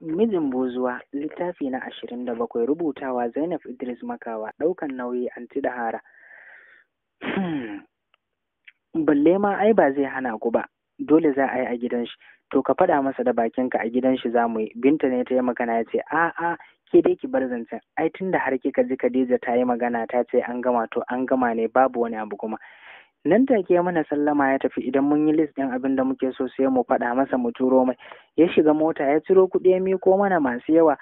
Mijin Bozuwa, littafi na ashirin da bakwai rubutawa Zainab Idris Makawa, ɗaukan nauyi an ci da hara. Hmm. Balle ma ai ba zai hana ku ba, dole za a yi a gidan shi. To ka faɗa masa da bakinka a gidan shi za mu yi. Binta ne ta yi magana ya ce, a'a ke dai ki bar zancen. Ai tunda har kika ji Khadija ta yi magana ta ce an gama to an gama ne babu wani abu kuma. nan take mana sallama ya tafi idan mun yi list ɗin abin da muke so sai mu faɗa masa mu turo mai ya shiga mota ya ciro kuɗi ya miko mana masu yawa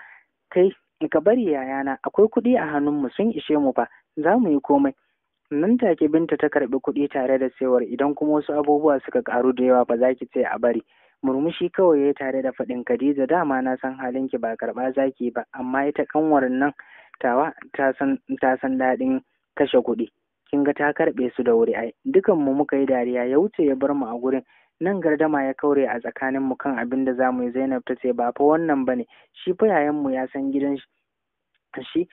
kai ka bari yayana akwai kuɗi a hannunmu sun ishe mu ba, za mu yi komai nan take binta ta karɓi kuɗi tare da sayar idan kuma wasu abubuwa suka ƙaru da yawa ba za ki ce a bari murmushi kawai ya tare da faɗin Khadija dama na san halin ki ba karɓa zaki ba amma ita kanwar nan tawa ta san daɗin kashe kuɗi kin ga ta karɓe su da wuri ai dukan mu muka yi dariya ya wuce ya bar mu a gurin nan gardama ya kaure a tsakanin mu kan abin da zamu yi Zainab ta ce ba fa wannan bane shi fa yayan mu ya san gidan shi shi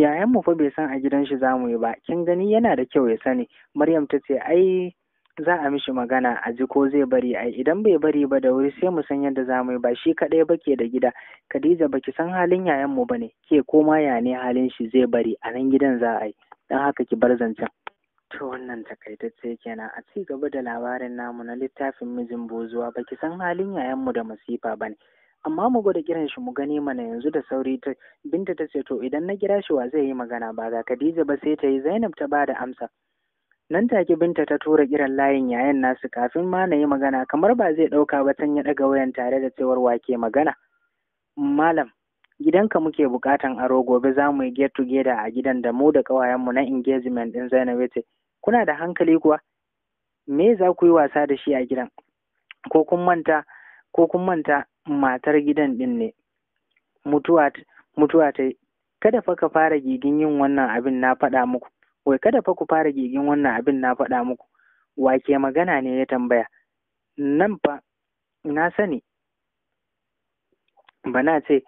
yayan mu fa bai san a gidan shi zamu yi ba kin gani yana da kyau ya sani Maryam ta ce ai za a mishi magana a ji ko zai bari ai idan bai bari ba da wuri sai mu san yadda zamu yi ba shi kadai ba da gida Khadija baki san halin yayan mu bane ke koma ya ne halin shi zai bari a nan gidan za a yi don haka ki bar zancen to wannan takaitacce kenan a ci gaba da labarin namu na littafin mijin bozuwa baki san halin yayanmu da masifa ba ne. amma mu gwada kiran shi mu gani mana yanzu da sauri ta binta ta ce to idan na kira shi wa zai yi magana ba ga Khadija ba sai ta yi Zainab ta ba da amsa nan take binta ta tura kiran layin yayan nasu kafin ma na yi magana kamar ba zai ɗauka ba tan ya ɗaga wayan tare da cewar wake magana malam gidanka muke bukatan aro gobe za mu yi get together a gidan da mu da kawayenmu na engagement din Zainab ce kuna da hankali kuwa me za ku yi wasa da shi a gidan ko kun manta ko kun manta matar gidan din ne mutuwa mutuwa ta kada fa ka fara gigin yin wannan abin na faɗa muku wai kada fa ku fara gigin wannan abin na faɗa muku wake magana ne ya tambaya nan fa na sani bana ce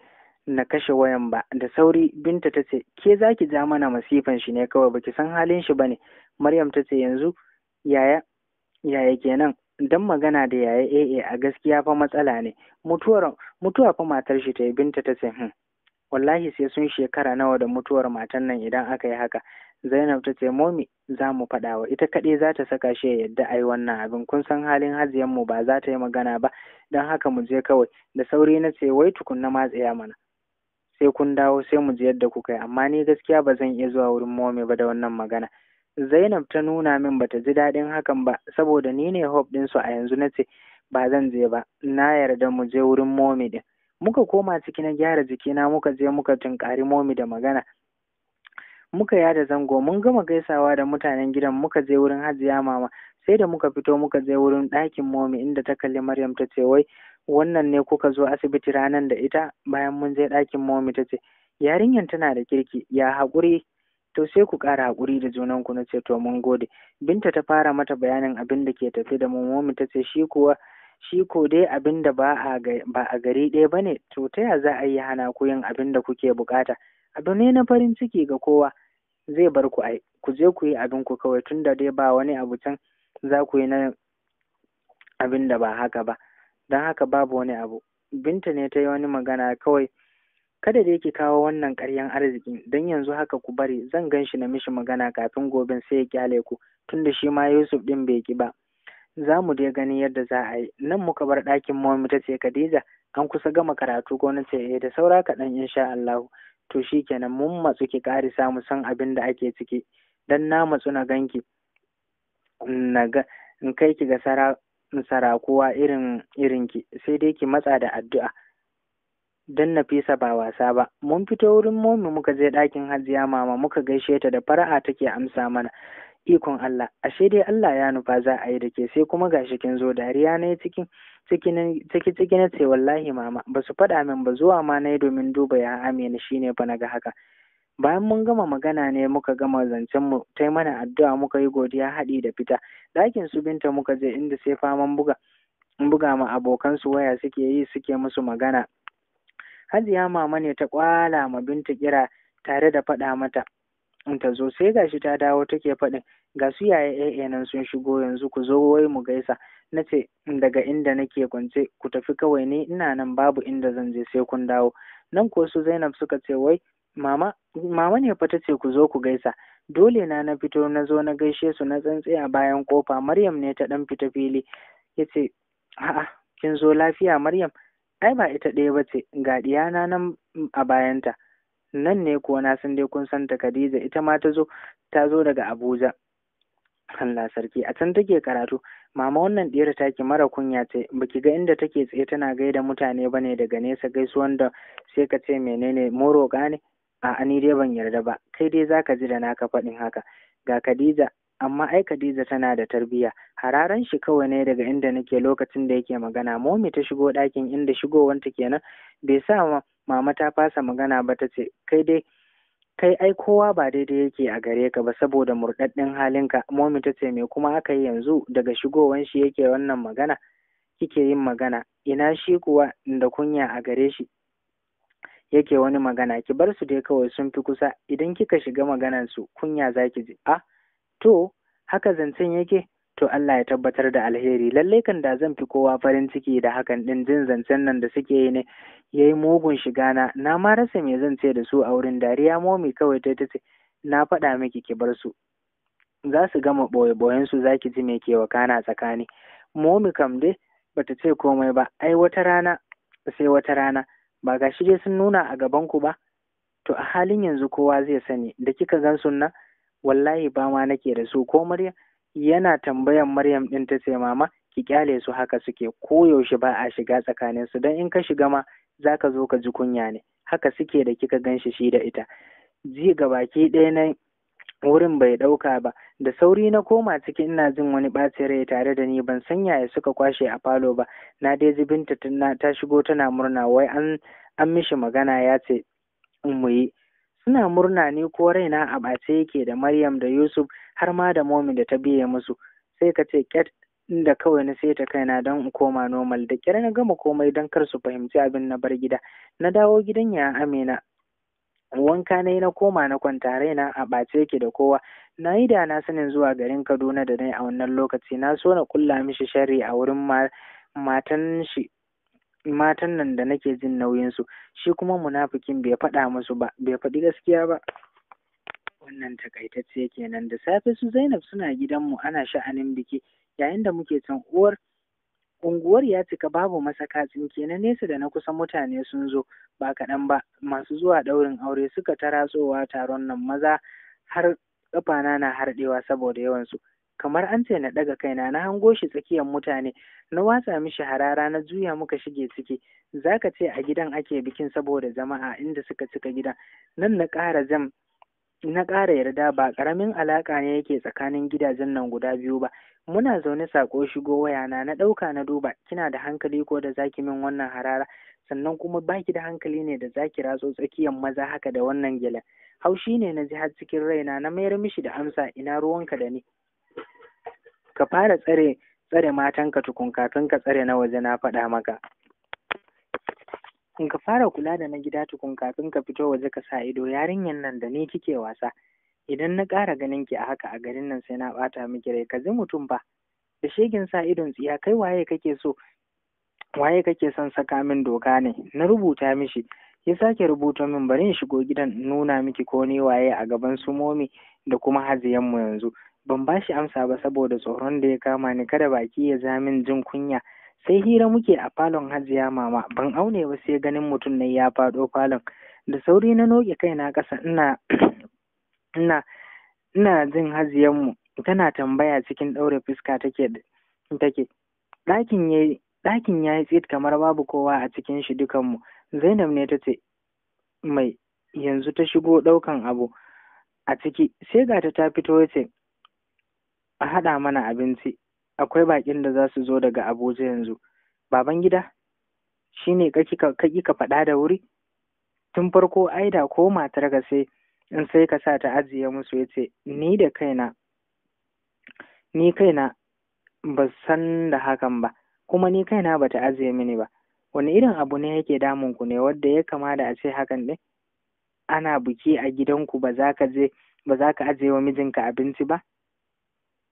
na kashe wayan ba da sauri binta ta ce ke za ki ja mana masifan shi ne kawai baki san halin shi ba ne. maryam ta ce yanzu yaya yaya kenan dan magana da yaya ee eh, eh, a gaskiya fa matsala ne mutuwar mutuwa fa matar shi ta yi binta ta ce hm wallahi sai sun shekara nawa da mutuwar matan nan idan aka yi haka zainab ta ce momi za mu faɗawa ita kaɗai za ta saka shi ya yadda a yi wannan abin kun san halin haziyanmu ba za ta yi magana ba don haka mu je kawai da sauri na ce wai tukunna ma tsaya mana sai kun dawo sai mu ji yadda kuka yi amma ni gaskiya ba zan iya zuwa wurin momi ba da wannan magana Zainab ta nuna min bata ji daɗin hakan ba saboda ni ne hope su a yanzu na ce ba zan je ba na yarda mu je wurin momi din muka koma ciki na gyara jikina muka je muka tunkari momi da magana muka yada zango mun gama gaisawa da mutanen gidan muka je wurin hajiya mama sai da muka fito muka je wurin ɗakin momi inda ta kalli maryam ta ce wai wannan ne kuka zo asibiti ranar da ita bayan mun je ɗakin momi ta ce yarinyar tana da kirki ya haƙuri to sai ku ƙara haƙuri da junan ku na ce to mun gode binta ta fara mata bayanin abin da ke tafi da mu momi ta ce shi kuwa shi ko dai abin da ba a gari ɗaya ba ne to ta ya za a yi hana ku yin abin da kuke buƙata abu ne na farin ciki ga kowa zai bar ku ai ku je ku yi abin ku kawai tunda dai ba wani abu can za ku yi na abin da ba haka ba don haka babu wani abu binta ne ta yi wani magana kawai kada da yake kawo wannan karyan arziki don yanzu haka ku bari zan gan shi na mishi magana kafin gobe sai ya kyale ku tunda shi ma yusuf din bai ki ba za mu dai gani yadda za a yi nan muka bar ɗakin mami ta ce khadija an kusa gama karatu ko na ce eh, da saura kaɗan insha allahu to shi kenan mun matsu ki ƙari mu san abin da ake ciki don na matsu na ganki na ga in kai ki ga sara sarakuwa irin ki, sai dai ki matsa da addu'a don Nafisa ba wasa ba. Mun fito wurin momi muka je ɗakin hajiya mama muka gaishe ta da fara'a take amsa mana. Ikon Allah, ashe dai Allah ya nufa za a yi da ke sai kuma gashi kin zo dariya na cikin ciki ciki na ce wallahi mama ba su faɗa min ba zuwa ma na yi domin duba ya amina shine ba na ga haka. bayan mun gama magana ne muka gama zancen mu ta mana addu'a muka yi godiya haɗi da fita ɗakin su binta muka je inda sai faman buga buga ma abokan su waya suke yi suke musu magana hajiya mama ne ta kwala ma binta kira tare da faɗa mata in ta zo sai gashi ta dawo take faɗin ga su yaya nan sun shigo yanzu ku zo wai mu gaisa na ce daga inda nake kwance ku tafi kawai ne ina nan babu inda zan je sai kun dawo nan ko su zainab suka ce wai Mama, mama ne fa ta ce ku zo ku gaisa. Dole na na fito na zo na gaishe su na tsantsi a bayan kofa. Maryam ne ta ɗan fita fili. Ya ce, a'a, kin zo lafiya Maryam? Ai ba ita ɗaya ba ce, ga nan a bayanta. Nan ne kuwa na san dai kun san ta Khadija, ita ma ta zo, daga Abuja. Allah sarki, a can take karatu. Mama wannan ɗiyar taki mara kunya ce, baki ga inda take tsaye tana gaida mutane bane daga nesa gaisuwan da sai ka ce menene moroka ne? A'a ni dai ban yarda ba, kai dai zaka ji da naka faɗin haka. Ga Khadija, amma ai Khadija tana da tarbiyya. Hararan shi kawai ne daga inda nake lokacin da yake magana. Momi ta shigo ɗakin inda shigowanta kenan. Bai sa mama ta fasa magana ba ta ce, kai dai kai ai kowa ba daidai yake a gare ka ba saboda murɗaɗɗen halinka. Momi ta ce me kuma aka yi yanzu daga shigowan shi yake wannan magana? Kike yin magana, ina shi kuwa da kunya a gare shi, yake wani magana ki bar su dai kawai sun fi kusa idan kika shiga maganan su kunya zaki ji a ah, to haka zancen yake to Allah ya tabbatar da alheri lalle kan da zan fi kowa farin ciki da hakan din jin zancen nan da suke yi ne yayi mugun shiga na na ma rasa me zan ce da su a wurin dariya momi kawai ta tace na faɗa miki ki bar su za su gama boye boyen su zaki ji me ke wakana tsakani momi kam dai bata ce komai ba ai wata rana sai wata rana ba ga shi dai sun nuna a gabanku ba to a halin yanzu kowa zai sani da kika gan sunna wallahi ba ma nake da su ko Maryam yana tambayan Maryam din ta ce mama ki kyale su haka suke ko yaushe ba a shiga tsakanin su dan in ka shiga ma zaka zo ka ji kunya ne haka suke da kika gan shi shi da ita ji baki ɗaya na wurin bai ɗauka ba da sauri na koma ciki ina jin wani ɓacin rai tare da ni ban san yaya suka kwashe a falo ba na dai ji binta ta shigo tana murna wai an an mishi magana ya ce in mu yi suna murna ni ko raina a ɓace yake da Maryam da Yusuf har ma da Momi da ta biye musu sai ka ce ket da kawai na saita kaina don in koma normal da kyar na gama komai don kar su fahimci abin na bar gida na dawo gidan ya Amina wanka na na koma na kwanta raina a ɓace yake da kowa na yi da na sanin zuwa garin kaduna da nai a wannan lokaci na so na kulla mishi sharri a wurin matan shi matan nan da nake jin nauyinsu shi kuma munafikin bai faɗa musu ba bai faɗi gaskiya ba wannan takaitacce kenan da safe su zainab suna gidanmu ana sha'anin biki yayin da muke can uwar Unguwar ya cika babu masaka tsinke na nesa da na kusa mutane sun zo ba kaɗan ba masu zuwa ɗaurin aure suka ta ratsowa taron nan maza har ƙafana na harɗewa saboda yawansu. Kamar an ce na ɗaga kaina na hango shi tsakiyar mutane na watsa mishi harara na juya muka shige ciki zaka ce a gidan ake bikin saboda jama'a inda suka cika gidan nan na ƙara jam na ƙara yarda ba ƙaramin alaƙa ne yake tsakanin gidajen nan guda biyu ba muna zaune sako shigo wayana na ɗauka na duba kina da hankali ko da zaki min wannan harara sannan kuma baki da hankali ne da zaki ratso tsakiyar maza haka da wannan gyalen haushi ne na ji har cikin raina na mayar mishi da amsa ina ruwanka da ni ka fara tsare tsare matanka tukun kafin ka tsare na waje na faɗa maka kun ka fara kula da na gida tukun kafin ka fito waje ka sa ido yarinyar nan da ni kike wasa idan na ƙara ganin ki a haka a garin nan sai na ɓata miki rai ka ji mutum ba da shegin sa idon tsiya kai waye kake so waye kake son saka min doka ne na rubuta mishi ya sake rubuta min bari in shigo gidan nuna miki ko ni waye a gaban su momi da kuma hajiyan mu yanzu ban bashi amsa ba saboda tsoron da ya kama ni kada baki ya zamin min jin kunya sai hira muke a falon hajiya mama ban aune ba sai ganin mutum yi ya faɗo falon da sauri na noke kaina ƙasa ina ina ina jin mu tana tambaya cikin ɗaure fuska take take ɗakin ya ɗakin ya yi tsit kamar babu kowa a cikin shi dukanmu zainab ne ta ce mai yanzu ta shigo ɗaukan abu a ciki sai gata ta fito ya ce a haɗa mana abinci akwai baƙin da za su zo daga Abuja yanzu. Babangida, shi ne kaki ka faɗa da wuri? Tun farko ai da ko matar ka sai in sai ka sa ta ajiye musu ya ce, Ni da kaina, ni kaina ba san da hakan ba, kuma ni kaina ba ta ajiye mini ba. Wani irin abu ne yake damun ku ne wadda ya kama da a ce hakan ne Ana buki a gidanku ba za ka je ba za ka ajiye wa mijinka abinci ba?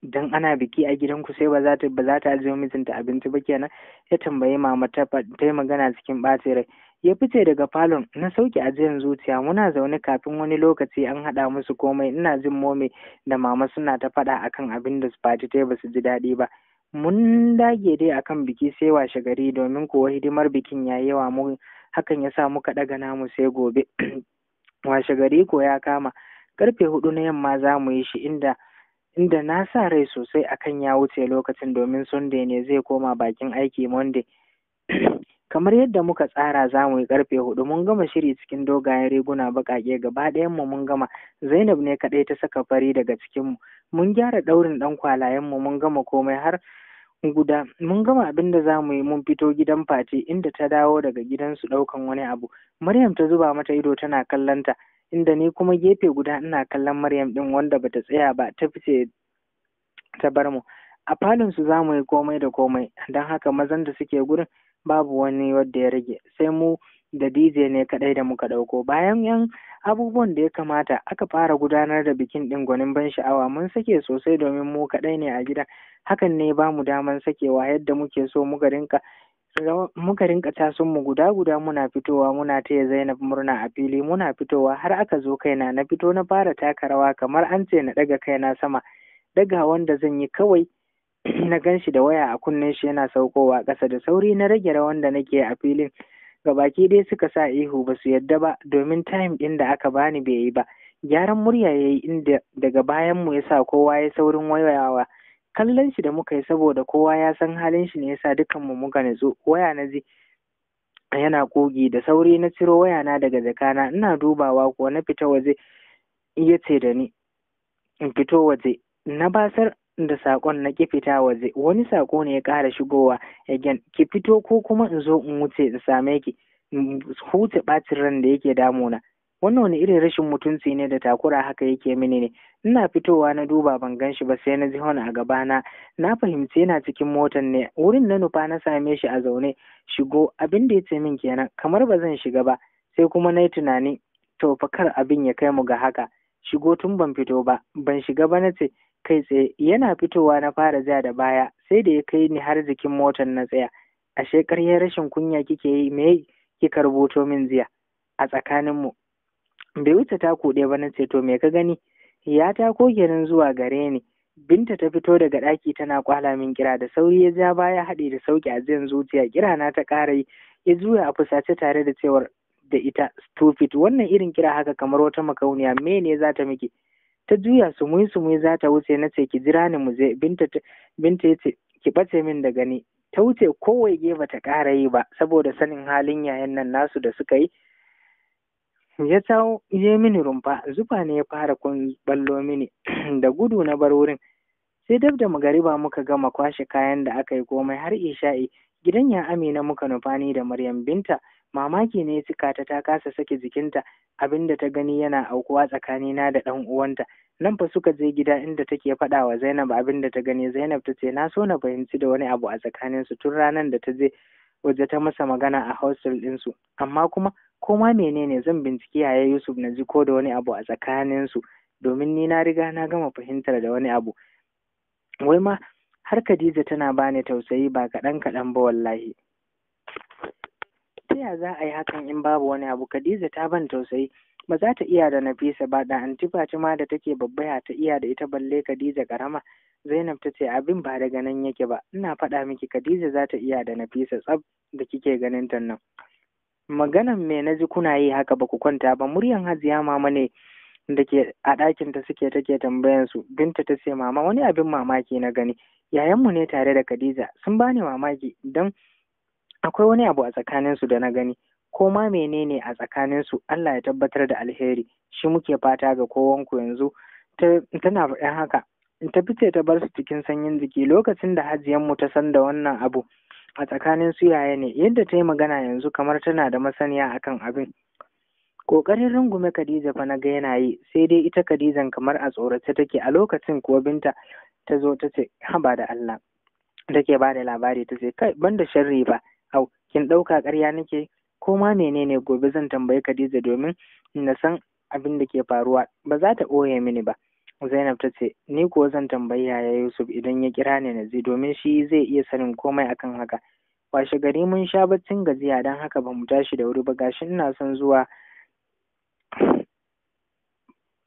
dan ana biki a gidan ku sai ba za ta ba za ta ajiye mijinta abinci ba kenan ya tambayi mama ta ta magana cikin ɓace rai ya fice daga falon na sauke ajiyar zuciya muna zaune kafin wani lokaci an haɗa musu komai ina jin mome da mama suna ta faɗa akan abin da su Fati ta ba su ji daɗi ba mun dage dai akan biki sai washe gari domin kuwa hidimar bikin ya yawa mu hakan ya sa muka ɗaga namu sai gobe washe gari ko ya kama karfe hudu na yamma za mu yi shi inda inda na sa rai sosai akan ya wuce lokacin domin Sunday ne zai koma bakin aiki Monday. Kamar yadda muka tsara za mu yi karfe hudu mun gama shiri cikin dogayen riguna baƙaƙe gaba mu mun gama Zainab ne kadai ta saka fari daga cikinmu. Mun gyara ɗaurin ɗan mu mun gama komai har guda mun gama abin da zamu yi mun fito gidan face inda ta dawo daga gidansu ɗaukan wani abu maryam ta zuba mata ido tana kallonta, inda ni kuma gefe guda ina kallon maryam ɗin wanda bata tsaya ba ta fice ta bar mu a falon su za yi komai da komai don haka mazan da suke gurin babu wani wanda ya rage sai mu da dj ne kaɗai da muka ɗauko bayan yan abubuwan da ya kamata aka fara gudanar da bikin ɗin gwanin ban sha'awa mun sake sosai domin mu kaɗai ne a gida hakan ne ba mu daman sakewa yadda muke so muka rinka muka rinka tasun mu guda guda muna fitowa muna taya Zainab murna a fili muna fitowa har aka zo kaina na fito na fara taka rawa kamar an ce na daga kaina sama daga wanda zan yi kawai na ganshi da waya a kunnen shi yana saukowa ƙasa da sauri na rage rawan da nake a filin gabaki dai suka sa ihu ba su yadda ba domin time ɗin da aka bani bai yi ba gyaran murya ya yi inda daga bayan mu yasa kowa ya saurin wayawa kallon shi da muka yi saboda kowa ya san halin shi ne yasa dukan mu muka nutsu waya na ji yana kogi da sauri na ciro waya na daga jakana ina dubawa ko na fita waje yace da ni in fito waje na basar da sakon na ki fita waje wani sako ne ya ƙara shigowa again ki fito ko kuma in zo in wuce in same ki huce ɓacin ran da yake damuna wannan wani irin rashin mutunci ne da takura haka yake mini ne ina fitowa na duba ban gan shi ba sai na ji hona a gabana na fahimci yana cikin motan ne wurin na nufa na same shi a zaune shigo abin da ya ce min kenan kamar ba zan shiga ba sai kuma na yi tunani to fa kar abin ya kai mu ga haka shigo tun ban fito ba ban shiga ba na ce kai tsaye yana fitowa na fara jiya da baya sai da ya kai ni har jikin motar na tsaya A shekar ya rashin kunya kike yi me kika rubuto min jiya a tsakanin mu bai wuce ta kuɗe ba na ce to me ka gani ya ta gerin zuwa gare ni binta ta fito daga ɗaki tana kwala min kira da sauri ya ja baya haɗe da sauki a jiyan zuciya kira na ta ƙara yi ya juya a fusace tare da cewar da ita stupid wannan irin kira haka kamar wata makauniya me ne za ta miki ta juya sumui sumui za ta wuce na ce ki jira ni mu je binta binta ya ce ki bace min da gani ta wuce kowai ge ta ƙara yi ba saboda sanin halin yayan nan nasu da suka yi ya ta je mini rumfa zufa ne ya fara kun ballo mini da gudu na bar wurin sai dab da magariba muka gama kwashe kayan da aka yi komai har isha'i gidan ya amina muka nufa da maryam binta mamaki ne cika ta ta kasa sake jikinta da ta gani yana aukuwa tsakanina da ɗan uwanta nan fa suka je gida inda take faɗa wa Zainab abin da ta gani Zainab ta ce na so na fahimci da wani abu a tsakanin su tun ranar da ta je waje ta masa magana a hostel din su amma kuma ko ma menene zan binciki yaya Yusuf na ji ko da wani abu a tsakanin su domin ni na riga na gama fahimtar da wani abu wai ma har Khadija tana bani tausayi ba kaɗan kaɗan ba wallahi ta za a yi hakan in babu wani abu Khadija ta ban tausayi ba za ta iya da Nafisa ba da anti Fatima da take babba babbaya ta iya da ita balle Khadija karama Zainab ta ce abin ba daga nan yake ba ina faɗa miki Khadija za ta iya da Nafisa tsab da kike ganin ta nan maganan me naji kuna yi haka ba ku kwanta ba muryan Hajiya mama ne da ke a ɗakin ta suke take tambayan su binta ta ce mama wani abin mamaki na gani yayanmu ne tare da Khadija sun bani mamaki dan akwai wani abu a tsakaninsu da na gani ko ma menene a tsakaninsu Allah ya tabbatar da alheri shi muke fata ga kowanku yanzu tana faɗin haka ta fice ta bar su cikin sanyin jiki lokacin da hajiyanmu ta san da wannan abu a tsakanin su yaya ne yadda ta yi magana yanzu kamar tana da masaniya akan abin ƙoƙarin rungume Khadija fa na ga yana yi sai dai ita Khadijan kamar a tsorace take a lokacin kuwa binta ta zo ta ce haba da Allah take ba da labari ta ce kai da sharri ba Au, kin ɗauka ƙarya nake? Ko ma menene gobe zan tambayi Khadija domin na san abin da ke faruwa. Ba za ta ɓoye mini ba. Zainab ta ce, Ni kuwa zan tambayi yaya Yusuf idan ya kira ni na zai domin shi zai iya sanin komai akan haka. Washe gari mun sha baccin gajiya don haka ba mu tashi da wuri ba gashi ina son zuwa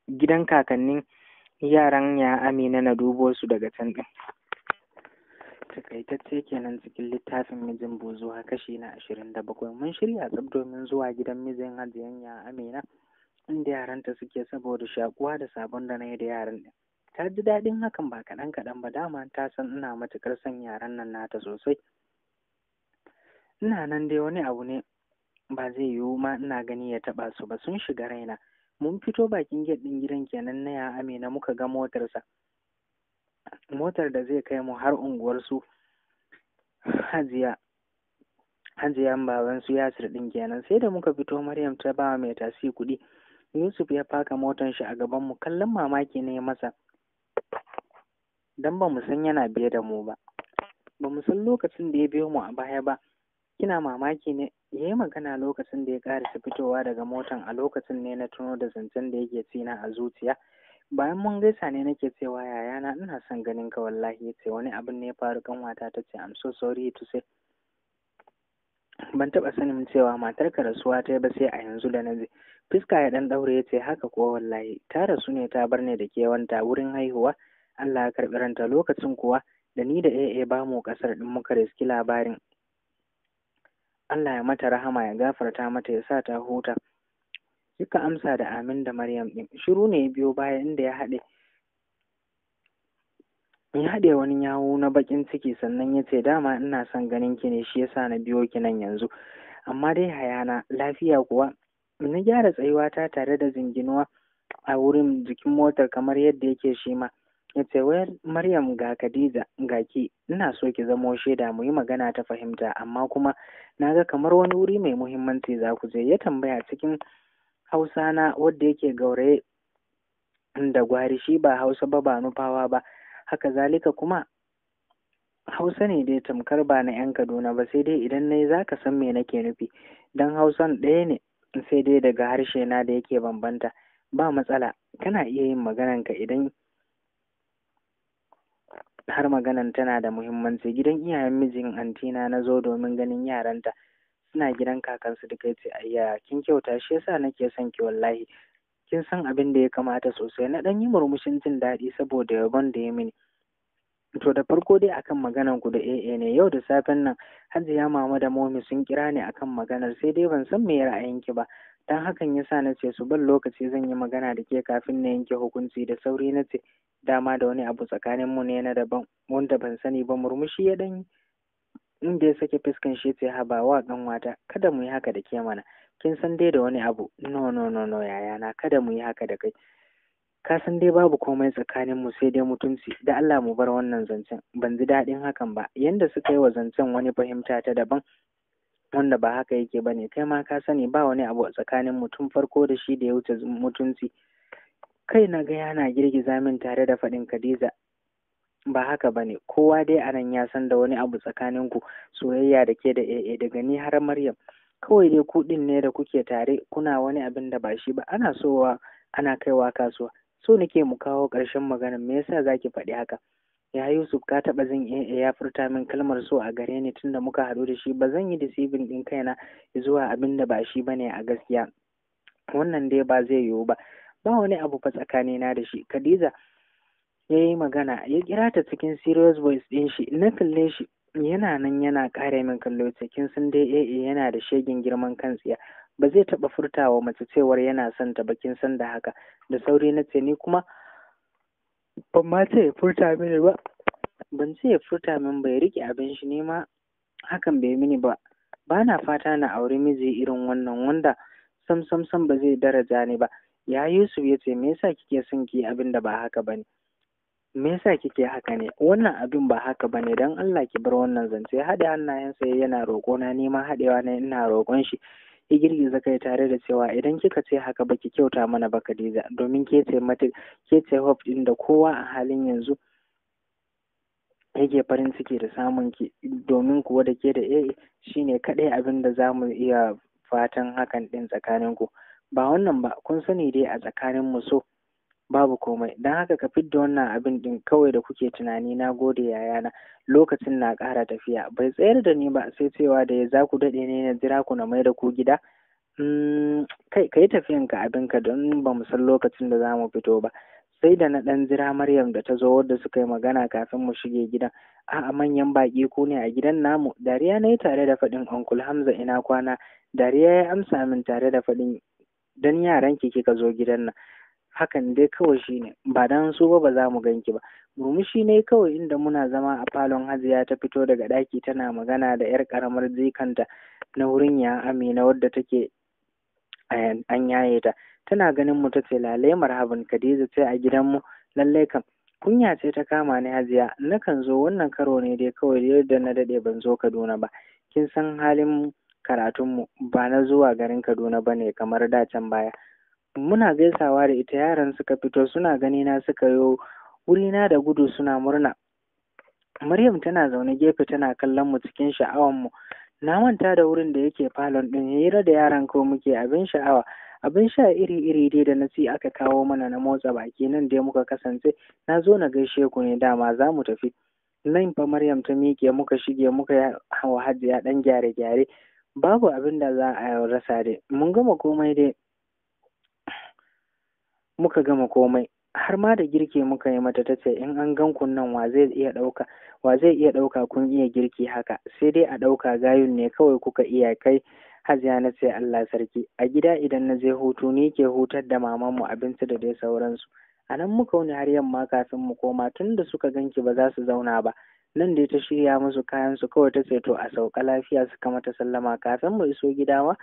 gidan kakannin yaran ya Amina na dubo su daga can ɗin. takaitacce kenan cikin littafin mijin bozuwa kashi na ashirin da bakwai mun shirya tsab domin zuwa gidan mijin hajiyan ya amina inda yaranta suke saboda shakuwa da sabon da na yi da yaran ɗin ta ji daɗin hakan ba kaɗan kaɗan ba dama ta san ina matuƙar son yaran nan nata sosai ina nan dai wani abu ne ba zai yiwu ma ina gani ya taɓa su ba sun shiga raina mun fito bakin gate ɗin gidan kenan na ya amina muka ga motarsa motar da zai kai mu har unguwarsu hajiya hajiyan baban su yasir ɗin kenan sai da muka fito maryam ta ba mai tasi kuɗi yusuf ya faka motar shi a gaban mu kallon mamaki ne masa dan ba mu san yana biye da mu ba ba mu san lokacin da ya biyo mu a baya ba kina mamaki ne ya yi magana lokacin da ya karasa fitowa daga motan a lokacin ne na tuno da zancen da yake tsina a zuciya bayan mun gaisa ne nake cewa yayana ina son ganin ka wallahi ya wani abin ne ya faru kanwata ta ce i'm so sorry to say ban taɓa sanin cewa matar ka rasuwa ta ba sai a yanzu da na fiska ya ɗan ɗaure ya ce haka kuwa wallahi ta rasu ne ta bar ne da kewanta wurin haihuwa Allah ya karɓi ranta lokacin kuwa da ni da AA ba mu ƙasar ɗin muka riski labarin Allah ya mata rahama ya gafarta mata ya sa ta huta suka amsa da amin da maryam ɗin shiru ne ya biyo baya inda ya haɗe ya haɗe wani yawo na baƙin ciki sannan ya ce dama ina son ganin ki ne shi sa na biyo ki nan yanzu amma dai hayana lafiya kuwa na gyara tsayuwa ta tare da zinginuwa a wurin jikin motar kamar yadda yake shi ma ya ce wayar maryam ga khadija ga ki ina so ki zamo shaida mu yi magana ta fahimta amma kuma na ga kamar wani wuri mai muhimmanci za ku je ya tambaya cikin hausa na wadda yake gauraye da gwari shi ba hausa ba ba nufawa ba haka zalika kuma hausa ne dai tamkar ba na 'yan kaduna ba sai dai idan na yi za ka san me nake nufi don hausan ɗaya ne sai dai daga harshe na da yake bambanta ba matsala kana iya yin magananka idan har maganan tana da muhimmanci gidan iyayen mijin antina na zo domin ganin yaranta suna gidan kakansu duka ya ce ayya kin kyauta shi yasa nake son ki wallahi kin san abin da ya kamata sosai na ɗan yi murmushin jin daɗi saboda yabon da ya mini to da farko dai akan maganar ku da AA ne yau da safen nan Hajiya Mama da Momi sun kira ni akan maganar sai dai ban san me ki ba dan hakan yasa na ce su ban lokaci zan yi magana da ke kafin na yanke hukunci da sauri nace dama da wani abu tsakanin mu ne na daban wanda ban sani ba murmushi ya yi. inda ya sake fuskan shi sai haba wa ɗan wata kada mu yi haka da ke mana kin san dai da wani abu no no no no yaya na kada mu yi haka da kai ka san dai babu komai tsakanin mu sai dai mutunci da Allah mu bar wannan zancen ban ji daɗin hakan ba yanda suka yi wa zancen wani fahimta ta daban wanda ba haka yake ba ne kai ma ka sani ba wani abu a tsakanin mutum farko da shi da ya wuce mutunci kai na ga yana girgiza min tare da faɗin Khadija ba haka ba ne kowa dai a nan ya san da wani abu tsakaninku soyayya da ke da AA daga ni har Maryam kawai dai ku din ne da kuke tare kuna wani abin da ba shi ba ana sowa ana kaiwa kasuwa so nake mu kawo ƙarshen magana me yasa zaki faɗi haka ya Yusuf ka taɓa zan AA ya furta min kalmar so a gare ni tunda muka haɗu da shi ba zan yi deceiving ɗin kaina zuwa abin da ba shi ba ne a gaskiya wannan dai ba zai yiwu ba ba wani abu fa tsakanina da shi Khadija ya yi magana ya kira ta cikin serious voice ɗin shi na kalle shi yana nan yana ƙara min kallo cikin sun dai AA eh, eh, yana da shegin girman kan tsiya ba zai taɓa furtawa mace cewar yana son ta bakin san da haka da sauri na ce ni kuma ban ma ce ya furta mini ba ban ce ya furta min bai riƙe abin shi ne ma hakan bai mini ba ba na fata na auri miji irin wannan wanda sam sam sam ba zai daraja ni ba ya Yusuf ya ce me yasa kike son ki abin da ba haka ba ne? me yasa kike haka ne wannan abin ba haka ba ne don allah ki bar wannan zance haɗe hannayensa yana roƙo, na nima haɗewa ne ina roƙon shi ya girgiza kai tare da cewa idan kika ce haka ba ki kyauta mana ba Khadija domin ke ce mata ke ce hof din da kowa a halin yanzu yake farin ciki da samun ki domin kuwa da ke da eh shine kadai abin da za mu iya fatan hakan ɗin tsakanin ku ba wannan ba kun sani dai a tsakanin mu so babu komai don haka ka fidda wannan abin din kawai da kuke tunani na gode yayana lokacin na ƙara tafiya bai tsayar da ni ba sai cewa da ya zaku ku daɗe ne na jira ku na mai da ku gida hmm, kai ka yi tafiyan ka abin ka don ba mu san lokacin da za mu fito ba sai da na ɗan jira maryam da ta zo wadda suka yi magana kafin mu shige gidan a'a manyan baƙi ku ne a gidan namu dariya na yi tare da faɗin onkul hamza ina kwana dariya ya amsa min tare da faɗin don yaran ki kika zo gidan nan hakan dai kawai shi ne ba dan su ba za mu ganki ba murmushi ne kawai inda muna zama a falon hajiya ta fito daga daki tana magana da yar karamar jikanta na wurin ya amina wadda take eh, an yaye ta tana ganin mu tace lale marhaban khadija ce a gidanmu lallai kam kunya ce ta kama ni hajiya nakan zo wannan karo ne dai kawai yadda na dade ban zo kaduna ba kin san halin karatunmu ba na zuwa garin kaduna ba ne kamar da can baya muna gaisawa da ita yaran suka fito suna gani na suka yo na da gudu suna murna Maryam tana zaune gefe tana kallon mu cikin sha'awan mu na manta da wurin da yake falon din hira da yaran ko muke abin sha'awa abin sha iri iri dai da nasi aka kawo mana na motsa baki nan dai muka kasance na zo na gaishe ku ne dama za mu tafi nan fa Maryam ta miƙe muka shige muka hawa hajiya dan gyare gyare babu abin da za a rasa dai mun gama komai dai muka gama komai har ma da girki muka yi mata ta ce in an gan kunnan wa zai iya ɗauka wa zai iya ɗauka kun iya girki haka sai dai a ɗauka gayun ne kawai kuka iya kai hajiya na ce Allah sarki a gida idan na je hutu ni ke hutar da mamanmu abinci da dai sauransu a nan muka wani har yamma kafin mu koma tun da suka ganki ba za su zauna ba nan dai ta shirya musu kayan su kawai ta ce to a sauka lafiya suka mata sallama kafin mu iso gida ma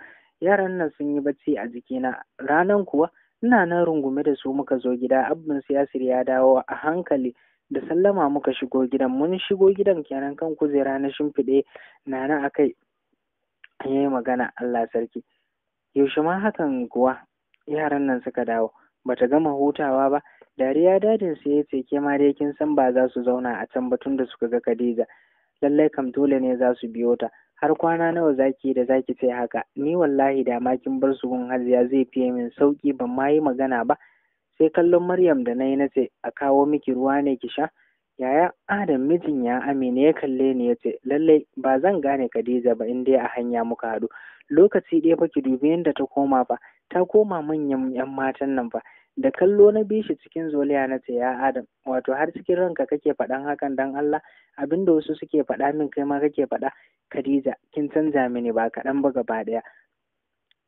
yaran nan sun yi bacci a jikina ranan kuwa ina nan rungume da su muka zo gida abin siyasir ya dawo a hankali da sallama muka shigo gidan mun shigo gidan kenan kan kujera na shimfiɗe nana nan akai yayi magana allah sarki yaushe ma hakan kuwa yaran nan suka dawo bata gama hutawa ba dariya dadin sai ya ce ke ma dai kin san ba za su zauna a can ba tun da suka ga khadija lallai kam dole ne za su biyo ta har kwana nawa zaki da zaki ce haka ni wallahi da ma kin bar su gun hajiya zai fiye min sauki ban ma yi magana ba sai kallon maryam da na yi na ce a kawo miki ruwa ne ki sha yaya adam mijin ya amina ya kalle ni ya ce lallai ba zan gane khadija ba in dai a hanya muka haɗu lokaci ɗaya fa ki dubi yadda ta koma fa ta koma manyan yan matan nan fa da kallo na bi shi cikin zoliya na ce ya adam wato har cikin ranka kake faɗan hakan dan Allah abin da wasu suke faɗa min kai ma kake faɗa Khadija kin canza mini ba kaɗan ba gaba ɗaya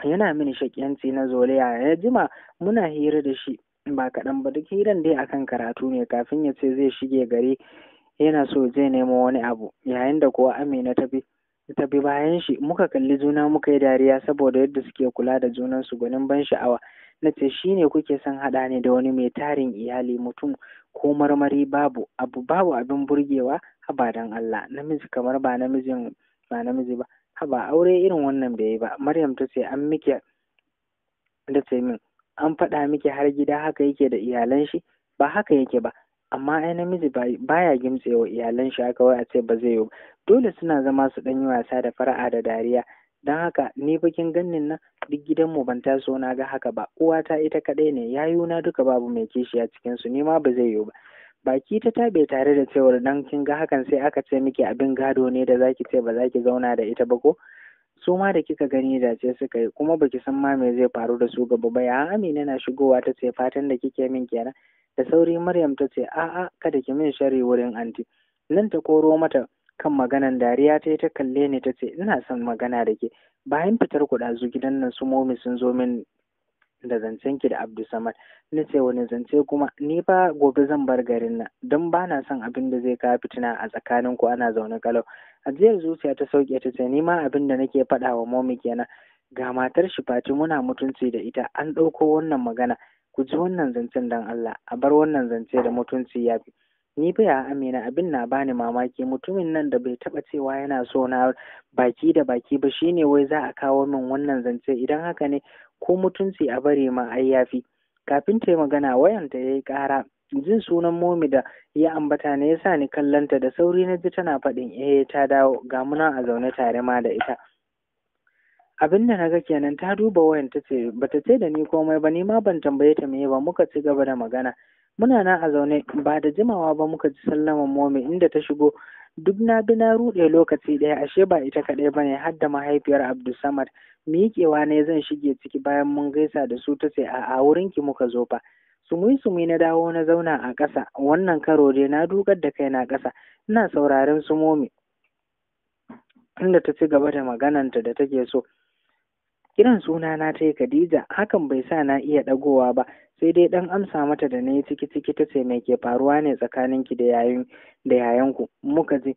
yana mini shakiyanci na zoliya ya jima muna hira da shi ba kaɗan ba duk hiran dai akan karatu ne kafin ya ce zai shige gari yana so zai nemo wani abu yayin da kuwa amina ta bi ta bi bayan shi muka kalli juna muka yi dariya saboda yadda suke kula da junansu gwanin ban sha'awa na ce shi ne kuke son haɗa ne da wani mai tarin iyali mutum ko marmari babu abu babu abin burgewa haba don Allah namiji kamar ba namijin ba namiji ba haba aure irin wannan bai yi ba Maryam ta ce an miki da ce min an faɗa miki har gida haka yake da iyalan shi ba haka yake ba amma ai namiji baya gimtsewa iyalan shi haka wai a ce ba zai yi dole suna zama su ɗan yi wasa da fara'a da dariya don haka ni bakin gannin na. duk gidanmu ban taso na ga haka ba uwata ita kaɗai ne na duka babu mai kishiya cikinsu, su nima ba zai yiwu ba baki ta tabe tare da cewar dan kin ga hakan sai aka ce miki abin gado ne da zaki ce ba zaki zauna da ita ba ko su ma da kika gani da ce suka yi kuma baki san ma me zai faru da su gaba ba ya amina na shigowa ta ce fatan da kike min kenan da sauri maryam ta ce a'a kada ki min shari wurin anti nan ta koro mata kan maganan dariya ta yi ta kalle ni ta ce ina son magana da ke bayan fitar ɗazu, gidan nan su momi sun zo min da zancen ki da Abdulsamad ni ce wani zance kuma ni ba gobe zan bar garin na, don ba na son abin da zai kawo fitina a tsakanin ku ana zaune kalau ajiyar zuciya ta sauke ta ce ni ma abin da nake faɗa wa momi kenan ga matar shi Fati muna mutunci da ita an ɗauko wannan magana ku ji wannan zancen dan Allah a bar wannan zance da mutunci ya fi Ni fa Amina abin na bani mamaki mutumin nan da bai taɓa cewa yana so na baki da baki ba shine wai za a kawo min wannan zance idan haka ne ko mutunci a bari ma ai yafi. Kafin ta yi magana wayanta ya yi ƙara jin sunan momi da ya ambata ne ya sa ni kallonta da sauri na ji tana faɗin eh ta dawo ga muna a zaune tare ma da ita. abin da naga kenan ta duba wayan ta ce bata ce da ni komai ba ni ma ban tambaye ta meye ba muka ci gaba da magana muna nan a zaune ba da jimawa ba muka ji sallaman momi inda ta shigo duk na bi na ruɗe lokaci ɗaya ashe ba ita kaɗai ba ne har da mahaifiyar abdulsamad miƙewa ne zan shige ciki bayan mun gaisa da su ta ce a'a ki muka zo fa sumi sumui na dawo na zauna a ƙasa wannan karo dai na dukar da kai na ƙasa ina sauraren su momi inda ta ci gaba da magananta da take so kiran sunana ta yi Khadija hakan bai sa na iya ɗagowa ba sai dai dan amsa mata da na yi ciki ciki ta ce mai ke faruwa ne tsakaninki da yayin da yayanku muka ji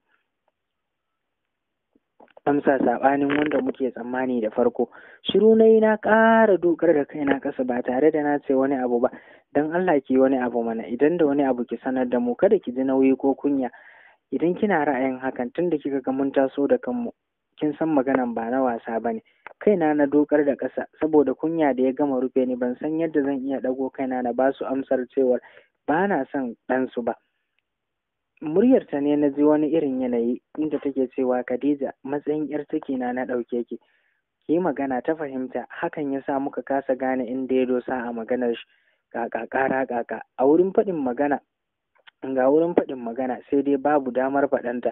amsa saɓanin wanda muke tsammani da farko shiru na yi na ƙara dokar da kai na ƙasa ba tare da na ce wani abu ba don allah ki wani abu mana idan da wani abu ki sanar da mu kada ki ji nauyi ko kunya idan kina ra'ayin hakan tun da kika ga mun taso da kanmu kin san maganan ba na wasa ba ne kaina na dokar da ƙasa saboda kunya da ya gama rufe ni ban san yadda zan iya ɗago kaina na ba su amsar cewar ba na son ɗansu ba muryarta ne na ji wani irin yanayi inda take cewa Khadija matsayin yar ciki na na ɗauke ki ki magana ta fahimta hakan ya sa muka kasa gane inda ya dosa a maganar shi kaka kara kaka a wurin faɗin magana ga wurin faɗin magana sai dai babu damar faɗanta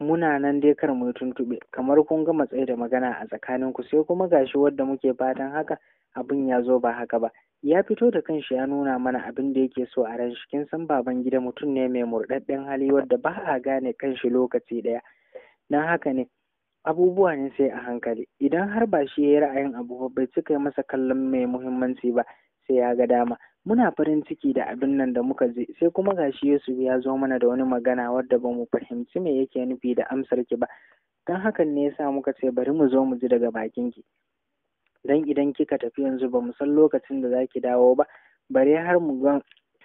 muna nan dai kar mu yi tuntuɓe kamar kun gama tsaye da magana a tsakanin ku sai kuma gashi wadda muke fatan haka abin ya zo ba haka ba ya fito da kanshi ya nuna mana abin da yake so a ran shi kin san baban gida mutum ne mai murɗaɗɗen hali wadda ba a gane kanshi lokaci ɗaya dan haka ne abubuwa ne sai a hankali idan har ba shi ya yi ra'ayin abu ba bai cika masa kallon mai muhimmanci ba sai ya ga dama muna farin ciki da abin nan da muka je sai kuma gashi Yusuf ya zo mana da wani magana wadda ba mu fahimci me yake nufi da amsar ki ba dan hakan ne yasa muka ce bari mu zo mu ji daga bakin ki dan idan kika tafi yanzu ba mu san lokacin da zaki dawo ba bare har mu ga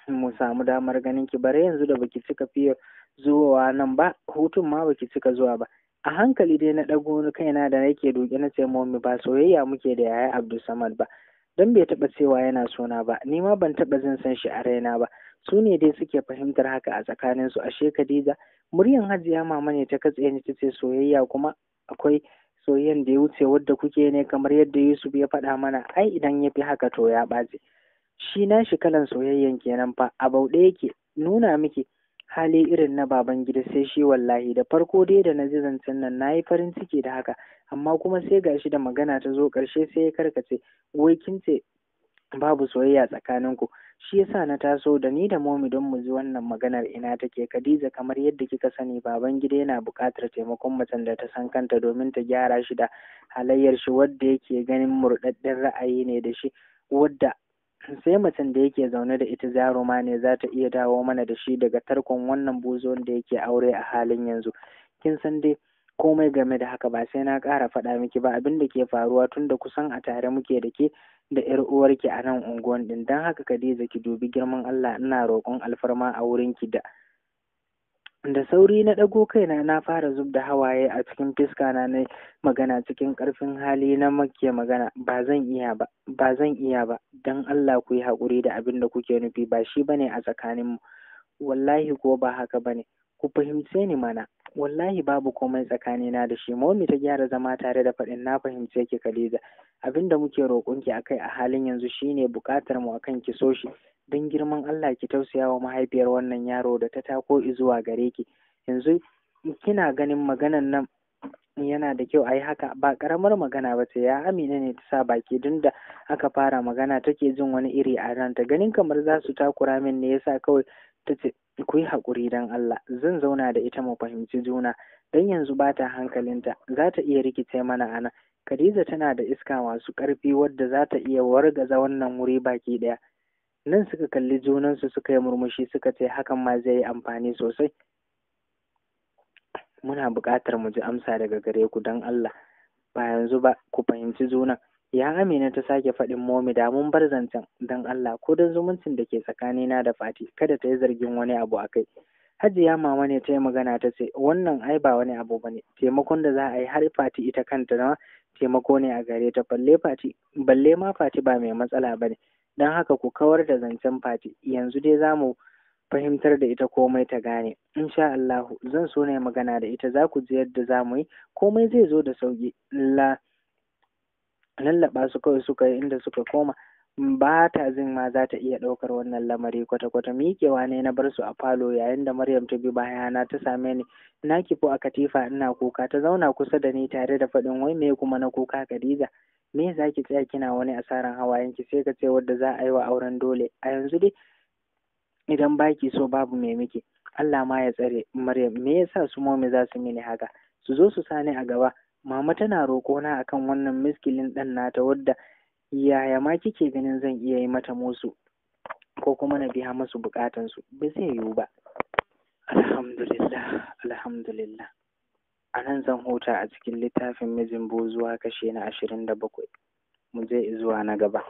mu samu damar ganin ki bare yanzu da baki cika fiye zuwa nan ba hutun ma baki cika zuwa ba a hankali dai na ɗago kaina da nake doki na ce ba soyayya muke da yaya Abdulsamad ba don bai taɓa cewa yana sona ba nima ban taɓa jin san shi a raina ba su ne dai suke fahimtar haka a tsakanin su ashe Khadija muryan Hajiya mama ne ta katse ni tace soyayya kuma akwai soyayyan da ya wuce wadda kuke ne kamar yadda Yusuf ya faɗa mana ai idan ya fi haka to ya ɓace. shi na shi kalan soyayyan kenan fa a bauɗe yake nuna miki hali irin na baban gida sai shi wallahi da farko dai da na ji zancen nan na yi farin ciki da haka amma kuma sai gashi da magana ta zo ƙarshe sai ya karkace wai kin ce babu soyayya tsakaninku shi yasa na taso da ni da momi don mu ji wannan maganar ina take Khadija kamar yadda kika sani baban gida yana buƙatar taimakon macen da ta san kanta domin ta gyara shi da halayyar shi wadda yake ganin murɗaɗɗen ra'ayi ne da shi wadda sai macen da yake zaune da ita jaruma ne za ta iya dawo mana da shi daga tarkon wannan buzon da yake aure a halin yanzu kin san dai komai game da haka ba sai na ƙara faɗa miki ba abin da ke faruwa tun da kusan a tare muke da ke da ƴar uwarki a nan unguwan ɗin don haka Khadija ki dubi girman Allah ina roƙon alfarma a wurinki da da sauri na ɗago kaina na fara zub da hawaye a cikin fiska na na magana cikin ƙarfin hali na makiya magana ba zan iya ba ba zan iya ba don Allah ku yi haƙuri da abin da kuke nufi ba shi bane a tsakaninmu wallahi ko ba haka bane ku fahimce ni mana wallahi babu komai na da shi momi ta gyara zama tare da faɗin na fahimce ki Khadija abin da muke roƙonki akai a halin yanzu shine buƙatar mu akan ki so shi don girman Allah ki tausaya wa mahaifiyar wannan yaro da ta tako zuwa gare ki yanzu kina ganin maganan nan yana da kyau a yi haka ba karamar magana ba ce ya amina ne ta sa baki tun da aka fara magana take jin wani iri a ta, ganin kamar za su takura min ne yasa kawai ta ce ku yi haƙuri don Allah zan zauna da ita mu fahimci juna don yanzu ba ta hankalinta za ta iya rikice mana a nan Khadija tana da iska masu ƙarfi wadda za ta iya wargaza wannan wuri baki ɗaya nan suka kalli junansu suka yi murmushi suka ce hakan ma zai yi amfani sosai muna buƙatar mu ji amsa daga gare ku don Allah ba yanzu ba ku fahimci juna ya amina ta sake faɗin momi da mun bar zancen don Allah ko don zumuncin da ke tsakanina da fati kada ta yi zargin wani abu a kai hajiya mama ne ta yi magana ta ce wannan ai ba wani abu ba ne taimakon da za a yi har fati ita kanta na taimako ne a gare ta fati balle ma fati ba mai matsala ba ne don haka ku kawar da zancen fati yanzu dai za mu fahimtar da ita komai ta gane insha Allahu zan so na magana da ita za ku ji yadda za mu yi komai zai zo da sauki la lallaba su kawai suka yi inda suka koma ba ta zin ma za ta iya ɗaukar wannan lamari kwata-kwata miƙewa ne na bar su a falo yayin da Maryam ta bi bayana ta same ni na kifo a katifa ina kuka ta zauna kusa da ni tare da faɗin wai me kuma na kuka Khadija me za ki tsaya kina wani asaran hawayen ki sai ka ce wadda za a yi wa auren dole a yanzu dai idan baki so babu me miki Allah ma ya tsare Maryam me yasa su momi za su mini haka su zo su sani a gaba mama tana roƙo na akan wannan miskilin ɗan nata wadda yaya ma kike ganin zan iya yi mata musu ko kuma na biya musu bukatansu ba zai yiwu ba alhamdulillah alhamdulillah A nan zan huta a cikin littafin mijin bozuwa kashi na ashirin da bakwai, mu je izuwa na gaba.